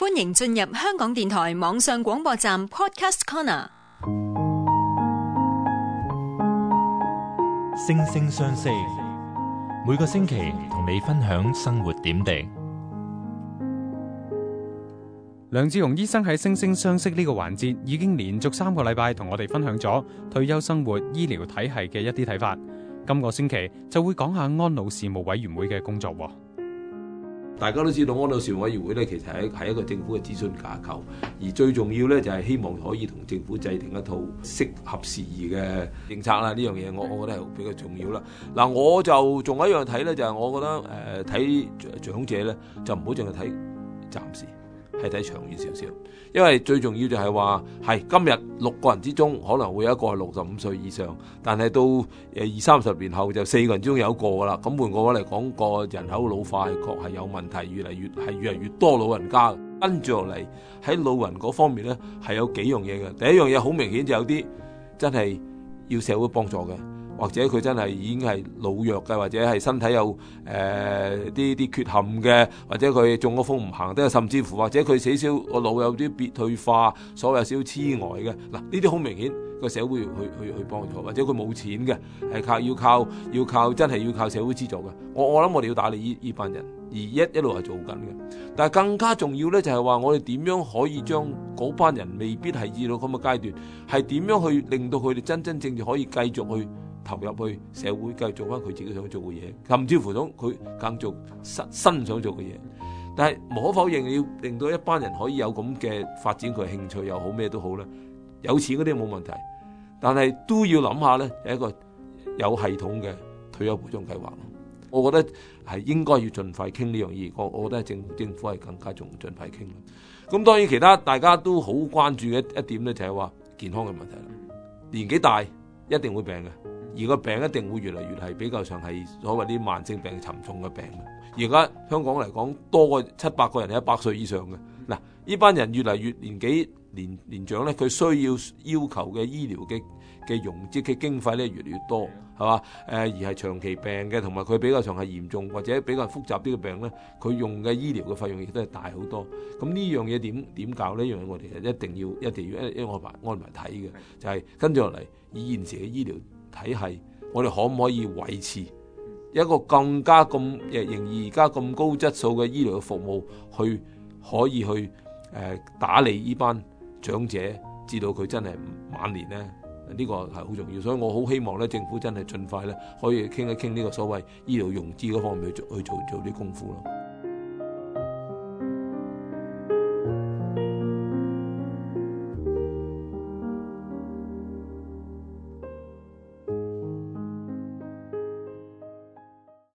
歡迎進入香港電台網上廣播站 Podcast Corner。星聲相識，每個星期同你分享生活點滴。梁志鴻醫生喺星聲相識呢個環節已經連續三個禮拜同我哋分享咗退休生活醫療體系嘅一啲睇法。今、這個星期就會講下安老事務委員會嘅工作。大家都知道安老事務委員會其實喺係一個政府嘅諮詢架構，而最重要咧就係希望可以同政府制定一套適合時宜嘅政策啦。呢 樣嘢，我我覺得係比較重要啦。嗱，我就仲有一樣睇咧，就係、是、我覺得誒睇、呃、長者咧，就唔好淨係睇暫時。係睇長遠少少，因為最重要就係話係今日六個人之中可能會有一個係六十五歲以上，但係到誒二三十年後就四個人之中有一個㗎啦。咁換個話嚟講，個人口老化係確係有問題，越嚟越係越嚟越多老人家跟住落嚟喺老人嗰方面咧係有幾樣嘢嘅。第一樣嘢好明顯就有啲真係要社會幫助嘅。或者佢真係已經係老弱嘅，或者係身體有誒啲啲缺陷嘅，或者佢中咗風唔行，都甚至乎或者佢死少個腦有啲別退化，所謂少痴呆嘅嗱，呢啲好明顯個社會要去去去幫助，或者佢冇錢嘅係靠要靠要靠真係要靠社會資助嘅。我我諗我哋要打理呢呢班人，而一一路係做緊嘅，但係更加重要咧就係話我哋點樣可以將嗰班人未必係至到咁嘅階段，係點樣去令到佢哋真真正正可以繼續去。投入去社會，繼續做翻佢自己想做嘅嘢，甚至乎種佢更做新新想做嘅嘢。但係無可否認，要令到一班人可以有咁嘅發展，佢興趣又好咩都好啦。有錢嗰啲冇問題，但係都要諗下咧，有一個有系統嘅退休保障計劃。我覺得係應該要盡快傾呢樣嘢。我覺得政政府係更加仲盡快傾。咁當然其他大家都好關注嘅一點咧，就係話健康嘅問題。年紀大一定會病嘅。而個病一定會越嚟越係，比較上係所謂啲慢性病沉重嘅病。而家香港嚟講多過七八個人係一百歲以上嘅。嗱，呢班人越嚟越年紀年年長咧，佢需要要求嘅醫療嘅嘅融資嘅經費咧越嚟越多，係嘛？誒、呃、而係長期病嘅，同埋佢比較上係嚴重或者比較複雜啲嘅病咧，佢用嘅醫療嘅費用亦都係大好多。咁、嗯、呢樣嘢點點搞咧？呢樣嘢我哋一定要一定要一一我辦安排睇嘅，就係、是、跟住落嚟以現時嘅醫療。體系，我哋可唔可以維持一個更加咁誒，而而家咁高質素嘅醫療嘅服務，去可以去誒、呃、打理呢班長者，知道佢真係晚年咧，呢、這個係好重要。所以我好希望咧，政府真係盡快咧，可以傾一傾呢個所謂醫療融資嗰方面，去做去做做啲功夫咯。